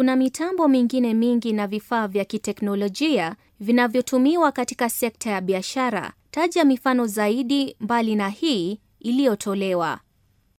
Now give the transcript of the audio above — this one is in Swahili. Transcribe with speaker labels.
Speaker 1: Kuna mitambo mingine mingi na vifaa vya kiteknolojia vinavyotumiwa katika sekta ya biashara. Taja mifano zaidi mbali na hii iliyotolewa.